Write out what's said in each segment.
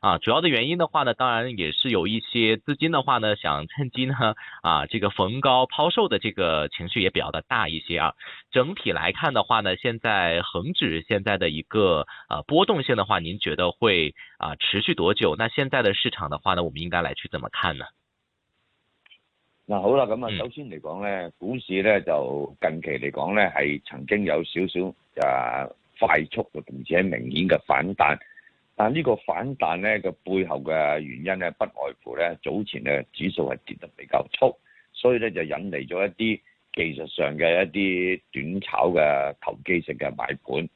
啊，主要的原因的話呢，當然也是有一些資金的話呢，想趁機呢，啊，這個逢高拋售的這個情緒也比較的大一些啊。整體來看的話呢，現在恒指現在的一個呃、啊、波動性的話，您覺得會啊持續多久？那現在的市場的話呢，我們應該來去怎麼看呢？嗯、那好啦，咁啊，首先嚟講呢，股市呢，就近期嚟講呢，係曾經有少少快速並且明顯嘅反彈。但呢個反彈呢個背後嘅原因呢，不外乎呢早前呢指數係跌得比較粗，所以呢就引嚟咗一啲技術上嘅一啲短炒嘅投機性嘅買盤，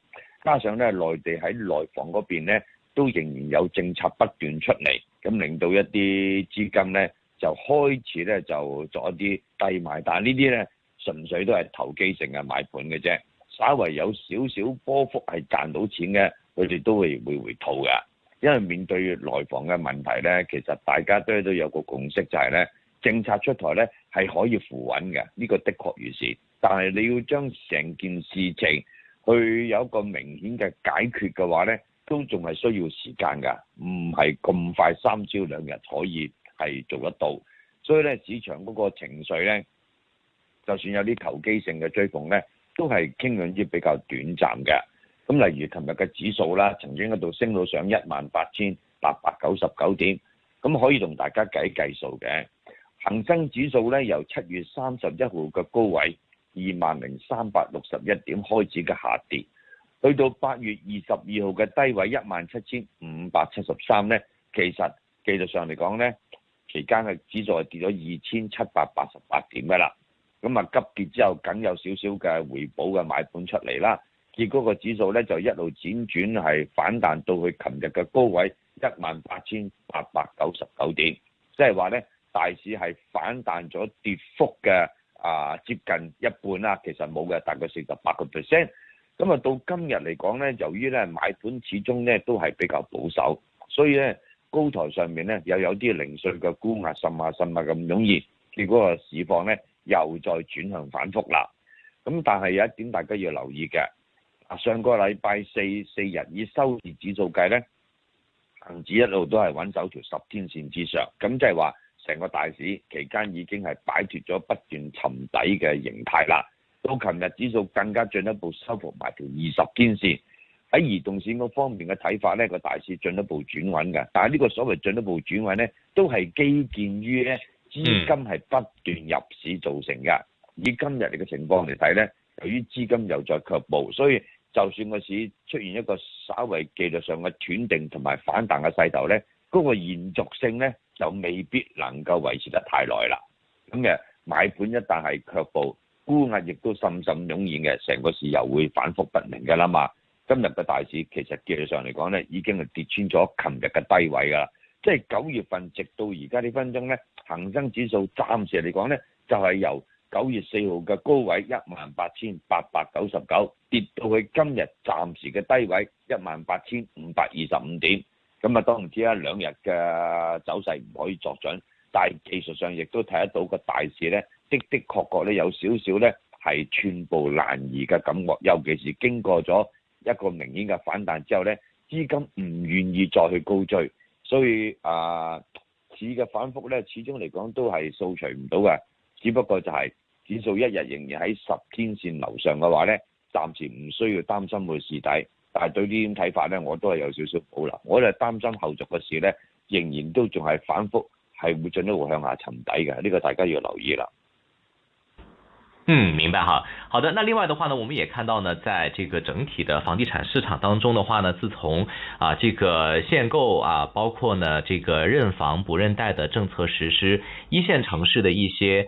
加上呢內地喺內房嗰邊呢都仍然有政策不斷出嚟，咁令到一啲資金呢就開始呢就作一啲低買，但呢啲呢純粹都係投機性嘅買盤嘅啫，稍為有少少波幅係賺到錢嘅。佢哋都會會回吐㗎，因為面對內房嘅問題呢，其實大家都都有個共識就是呢，就係呢政策出台呢係可以扶穩嘅，呢、這個的確如是。但係你要將成件事情去有一個明顯嘅解決嘅話呢，都仲係需要時間㗎，唔係咁快三朝兩日可以係做得到。所以呢市場嗰個情緒呢，就算有啲投機性嘅追捧呢，都係傾向於比較短暫嘅。咁例如琴日嘅指數啦，曾經一度升到上一萬八千八百九十九點，咁可以同大家計計數嘅。恒生指數咧，由七月三十一號嘅高位二萬零三百六十一點開始嘅下跌，去到八月二十二號嘅低位一萬七千五百七十三咧，其實技術上嚟講咧，期間嘅指數係跌咗二千七百八十八點嘅啦。咁啊，急跌之後，僅有少少嘅回補嘅買盤出嚟啦。結果個指數咧就一路輾轉係反彈到去琴日嘅高位一萬八千八百九十九點是說呢，即係話咧大市係反彈咗跌幅嘅啊接近一半啦，其實冇嘅，大概四十八個 percent。咁啊到今日嚟講咧，由於咧買盤始終咧都係比較保守，所以咧高台上面咧又有啲零碎嘅沽壓滲啊滲啊咁，甚至甚至那麼容易結果個市況咧又再轉向反覆啦。咁但係有一點大家要留意嘅。上個禮拜四四日以收市指數計咧，恒指一路都係穩走條十天線之上，咁即係話成個大市期間已經係擺脱咗不斷沉底嘅形態啦。到琴日指數更加進一步收復埋條二十天線，喺移動線嗰方面嘅睇法咧，個大市進一步轉穩嘅。但係呢個所謂進一步轉穩咧，都係基建於咧資金係不斷入市造成嘅。以今日嚟嘅情況嚟睇咧，由於資金又再卻步，所以就算個市出現一個稍為技術上嘅斷定同埋反彈嘅勢頭咧，嗰個延續性咧就未必能夠維持得太耐啦。咁嘅買盤一旦係卻步，沽壓亦都滲滲湧現嘅，成個市又會反覆不明嘅啦嘛。今日嘅大市其實技術上嚟講咧，已經係跌穿咗琴日嘅低位㗎啦。即係九月份直到而家呢分鐘咧，恒生指數暫時嚟講咧，就係由。九月四號嘅高位一萬八千八百九十九，跌到去今日暫時嘅低位一萬八千五百二十五點。咁啊，當然之啦，兩日嘅走勢唔可以作準，但係技術上亦都睇得到個大市呢的的確確咧有少少呢係寸步難移嘅感覺。尤其是經過咗一個明顯嘅反彈之後呢，資金唔願意再去高追，所以啊，市嘅反覆呢，始終嚟講都係掃除唔到嘅，只不過就係、是。指數一日仍然喺十天線樓上嘅話呢，暫時唔需要擔心會試底，但係對呢啲睇法呢，我都係有少少保留。我哋擔心後續嘅事呢，仍然都仲係反覆係會進一步向下沉底嘅，呢個大家要留意啦。嗯，明白哈。好的，那另外的話呢，我們也看到呢，在這個整體的房地產市場當中的話呢，自從啊這個限購啊，包括呢這個認房不認貸的政策實施，一線城市的一些。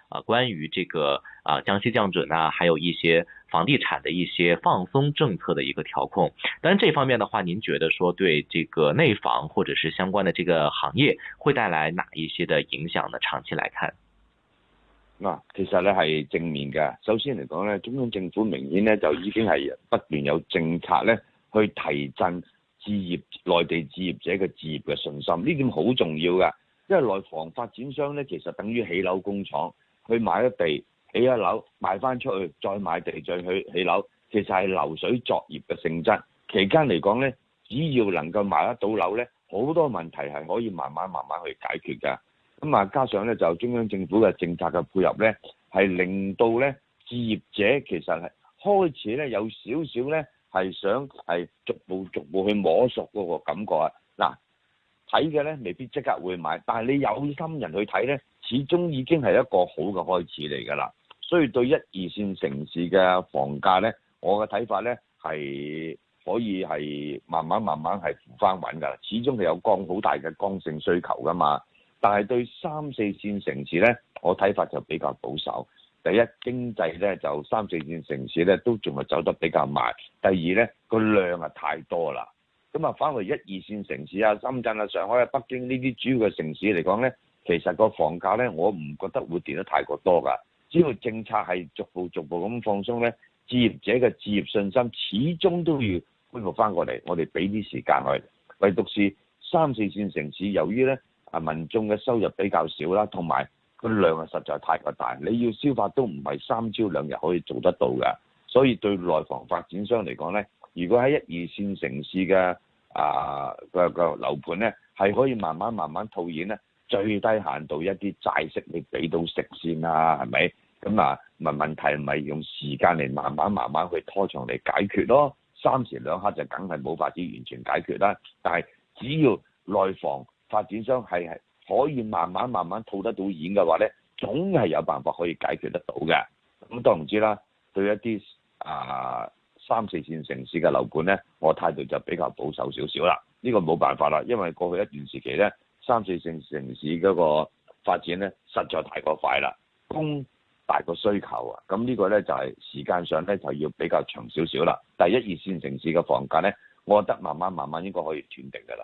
啊，關於這個啊，降息降準啊，還有一些房地產的一些放鬆政策的一個調控，但這方面的話，您覺得說對這個內房或者是相關的這個行業會帶來哪一些的影響呢？長期來看，啊、其實呢係正面噶。首先嚟講呢中央政府明顯呢就已經係不斷有政策呢去提振置業內地置業者嘅置業嘅信心，呢點好重要噶。因為內房發展商呢，其實等於起樓工廠。去買一地起一樓，賣翻出去再買地再去起樓，其實係流水作業嘅性質。期間嚟講呢，只要能夠賣得到樓呢，好多問題係可以慢慢慢慢去解決㗎。咁啊，加上呢就中央政府嘅政策嘅配合呢，係令到呢置業者其實係開始呢有少少呢係想係逐步逐步去摸索嗰個感覺啊嗱。睇嘅咧未必即刻會買，但係你有心人去睇咧，始終已經係一個好嘅開始嚟㗎啦。所以對一二線城市嘅房價咧，我嘅睇法咧係可以係慢慢慢慢係扶翻穩㗎啦。始終係有剛好大嘅剛性需求㗎嘛。但係對三四線城市咧，我睇法就比較保守。第一，經濟咧就三四線城市咧都仲係走得比較慢。第二咧，個量啊太多啦。咁啊，翻回一二線城市啊，深圳啊、上海啊、北京呢啲主要嘅城市嚟講呢，其實個房價呢，我唔覺得會跌得太過多噶。只要政策係逐步逐步咁放鬆呢，置業者嘅置業信心始終都要恢復翻過嚟。我哋俾啲時間去。唯獨是三四線城市，由於呢，由於呢啊民眾嘅收入比較少啦，同埋個量啊實在太過大，你要消化都唔係三朝兩日可以做得到噶。所以對內房發展商嚟講呢。如果喺一二線城市嘅啊個個、那個、樓盤咧，係可以慢慢慢慢套現咧，最低限度一啲債息你俾到食先啦，係咪？咁啊，咪、啊那個、問題咪用時間嚟慢慢慢慢去拖長嚟解決咯。三時兩刻就梗係冇法子完全解決啦。但係只要內房發展商係係可以慢慢慢慢套得到現嘅話咧，總係有辦法可以解決得到嘅。咁都唔知啦，對一啲啊～三四線城市嘅樓盤呢，我態度就比較保守少少啦。呢、呢個冇辦法啦，因為過去一段時期呢，三四線城市嗰個發展呢，實在太過快啦，供大過需求啊。咁呢個呢，就係、係、時間上呢，就要比較長少少啦。但係一、二線城市嘅房價呢，我覺得慢慢慢慢應該可以斷定㗎啦。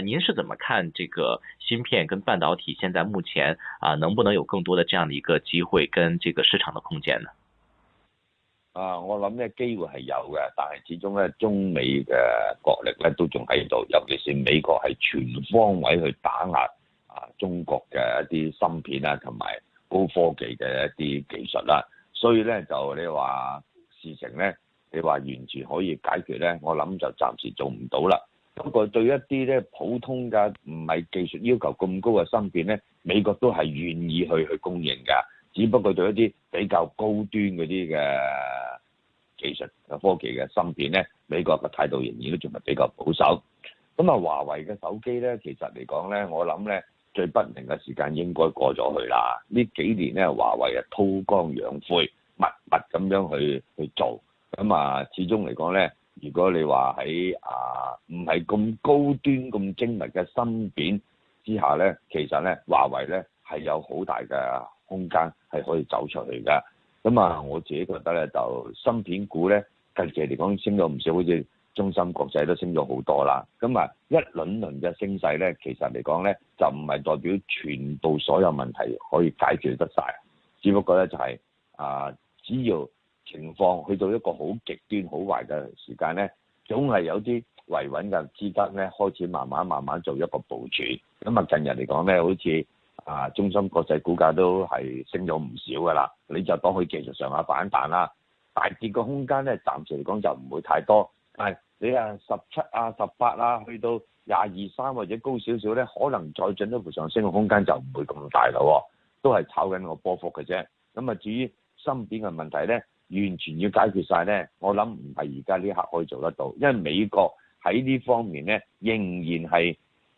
您是怎麼看這個芯片跟半導體？現在目前啊，能不能有更多的這樣的一個機會跟這個市場的空間呢？啊，我諗咧機會係有嘅，但係始終咧中美嘅國力咧都仲喺度，尤其是美國係全方位去打壓啊中國嘅一啲芯片啊同埋高科技嘅一啲技術啦、啊，所以呢，就你話事情呢，你話完全可以解決呢，我諗就暫時做唔到啦。不過對一啲咧普通嘅唔係技術要求咁高嘅芯片咧，美國都係願意去去供應㗎。只不過對一啲比較高端嗰啲嘅技術嘅科技嘅芯片咧，美國嘅態度仍然都仲係比較保守。咁啊，華為嘅手機咧，其實嚟講咧，我諗咧最不明嘅時間應該過咗去啦。呢幾年咧，華為啊，韜光養晦，密密咁樣去去做。咁啊，始終嚟講咧。如果你話喺啊唔係咁高端咁精密嘅芯片之下咧，其實咧華為咧係有好大嘅空間係可以走出去㗎。咁啊，我自己覺得咧就芯片股咧近期嚟講升咗唔少，好似中芯國際都升咗好多啦。咁啊，一輪輪嘅升勢咧，其實嚟講咧就唔係代表全部所有問題可以解決得晒，只不過咧就係、是、啊只要。情況去到一個好極端好壞嘅時間呢，總係有啲維穩嘅資金呢，開始慢慢慢慢做一個部署。咁啊，近日嚟講呢，好似啊，中芯國際股價都係升咗唔少㗎啦。你就當佢技術上下反彈啦，大跌個空間呢，暫時嚟講就唔會太多。但係你啊，十七啊、十八啊，去到廿二三或者高少少呢，可能再進一步上升嘅空間就唔會咁大啦喎。都係炒緊個波幅嘅啫。咁啊，至於芯片嘅問題呢。完全要解決晒呢。我諗唔係而家呢刻可以做得到，因為美國喺呢方面呢，仍然係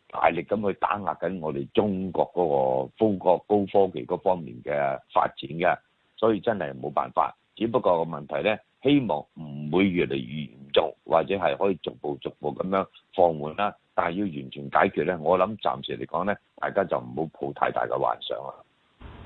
大力咁去打壓緊我哋中國嗰個高國高科技嗰方面嘅發展嘅，所以真係冇辦法。只不過個問題呢，希望唔會越嚟越嚴重，或者係可以逐步逐步咁樣放緩啦。但係要完全解決呢，我諗暫時嚟講呢，大家就唔好抱太大嘅幻想啦。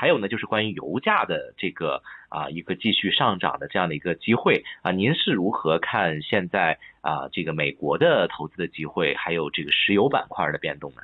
還有呢，就是關於油價的這個啊，一個繼續上漲的這樣的一個機會啊，您是如何看現在啊這個美國的投資的機會，還有這個石油板塊的變動呢？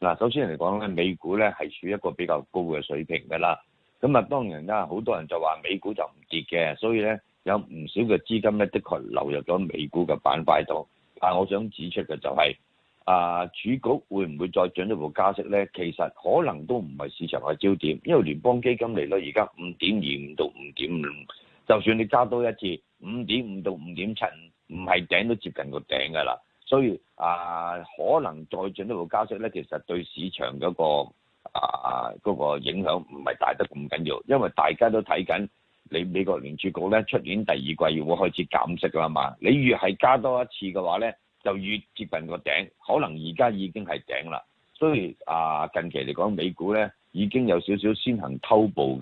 嗱，首先嚟講咧，美股咧係處於一個比較高嘅水平噶啦。咁啊，當然啦、啊，好多人就話美股就唔跌嘅，所以咧有唔少嘅資金咧的確流入咗美股嘅板塊度。但我想指出嘅就係、是。啊，主局會唔會再進一步加息咧？其實可能都唔係市場嘅焦點，因為聯邦基金利率而家五點二五到五點五，就算你加多一次五點五到五點七，唔係頂都接近個頂噶啦。所以啊，可能再進一步加息咧，其實對市場嗰、嗰個啊、嗰個影響唔係大得咁緊要，因為大家都睇緊你美國聯儲局咧，出年第二季會開始減息噶嘛。你越係加多一次嘅話咧，就越接近個頂，可能而家已經係頂啦。雖然啊，近期嚟講，美股咧已經有少少先行偷步嘅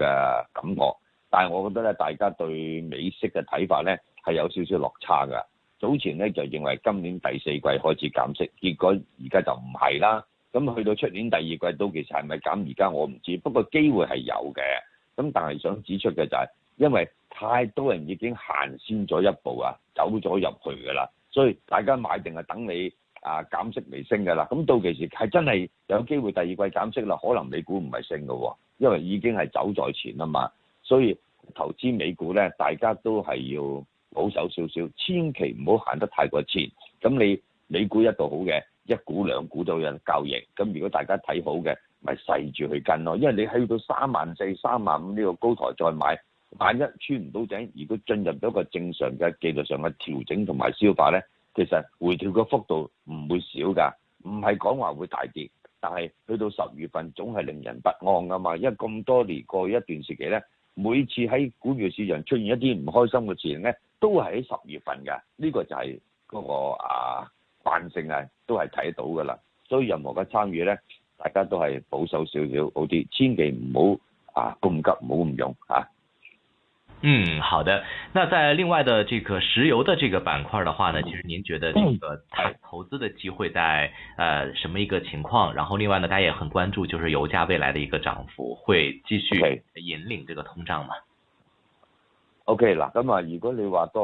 感覺。但係，我覺得咧，大家對美息嘅睇法咧係有少少落差㗎。早前咧就認為今年第四季開始減息，結果而家就唔係啦。咁去到出年第二季都其實係咪減？而家我唔知，不過機會係有嘅。咁但係想指出嘅就係，因為太多人已經行先咗一步啊，走咗入去㗎啦。所以大家買定係等你啊減息未升嘅啦，咁到期時係真係有機會第二季減息啦，可能美股唔係升嘅喎，因為已經係走在前吖嘛。所以投資美股咧，大家都係要保守少少，千祈唔好行得太過前。咁你美股一度好嘅，一股兩股都有人交易。咁如果大家睇好嘅，咪細住去跟咯，因為你喺到三萬四、三萬五呢個高台再買。萬一穿唔到頂，如果進入咗一個正常嘅技術上嘅調整同埋消化咧，其實回調嘅幅度唔會少㗎，唔係講話會大跌，但係去到十月份總係令人不安㗎嘛。因為咁多年過一段時期咧，每次喺股票市場出現一啲唔開心嘅事情咧，都係喺十月份㗎。呢個就係嗰個啊慣性啊，都係睇到㗎啦。所以任何嘅參與咧，大家都係保守少少好啲，千祈唔好啊，咁急，唔好咁用嚇。嗯，好的。那在另外的這個石油的這個板塊的話呢，其實您覺得這個投資的機會在呃什麼一個情況？然後另外呢，大家也很關注，就是油價未來的一個漲幅會繼續引領這個通脹嗎？OK 啦，咁啊，如果你話到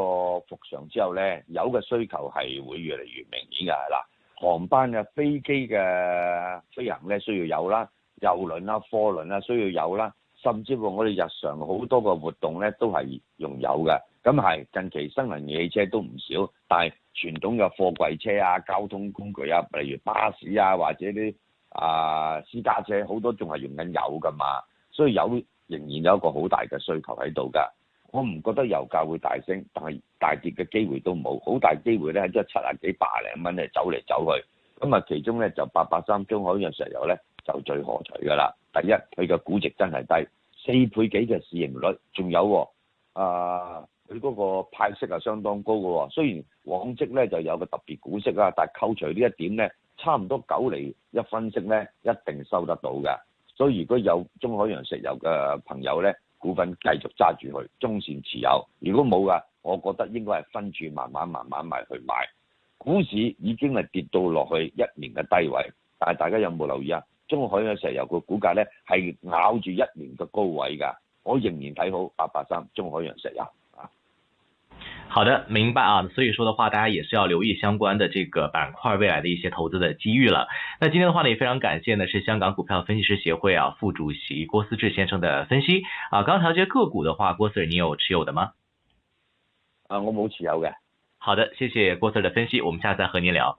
復常之後呢，油嘅需求係會越嚟越明顯噶。嗱，航班嘅、啊、飛機嘅飛行呢，需要油啦，油輪啦、啊、貨輪啦需要油啦。甚至乎我哋日常好多個活動咧，都係用油嘅。咁係近期新能源汽車都唔少，但係傳統嘅貨櫃車啊、交通工具啊，例如巴士啊，或者啲啊私家車，好多仲係用緊油噶嘛。所以油仍然有一個好大嘅需求喺度噶。我唔覺得油價會大升，但係大，大跌嘅機會都冇，好大機會咧喺一七啊幾百零蚊嚟走嚟走去。咁啊，其中咧就八八三中海洋石油咧就最可取㗎啦。第一，佢嘅估值真係低，四倍幾嘅市盈率，仲有啊，佢嗰個派息啊相當高噶。雖然往績咧就有個特別股息啊，但係扣除呢一點咧，差唔多九厘一分息咧，一定收得到嘅。所以如果有中海洋石油嘅朋友咧，股份繼續揸住佢，中線持有。如果冇噶，我覺得應該係分住慢慢慢慢買去買。股市已經係跌到落去一年嘅低位，但係大家有冇留意啊？中海洋石油個股價呢，係咬住一年嘅高位㗎，我仍然睇好八八三中海洋石油啊。好，好的，明白啊，所以說的話，大家也是要留意相關的這個板塊未來的一些投資的機遇了。那今天的話呢，也非常感謝呢，是香港股票分析師協會啊副主席郭思治先生的分析啊。剛才啲個股的話，郭 Sir 你有持有的嗎？啊，我冇持有嘅。好的，謝謝郭 Sir 的分析，我們下次再和您聊。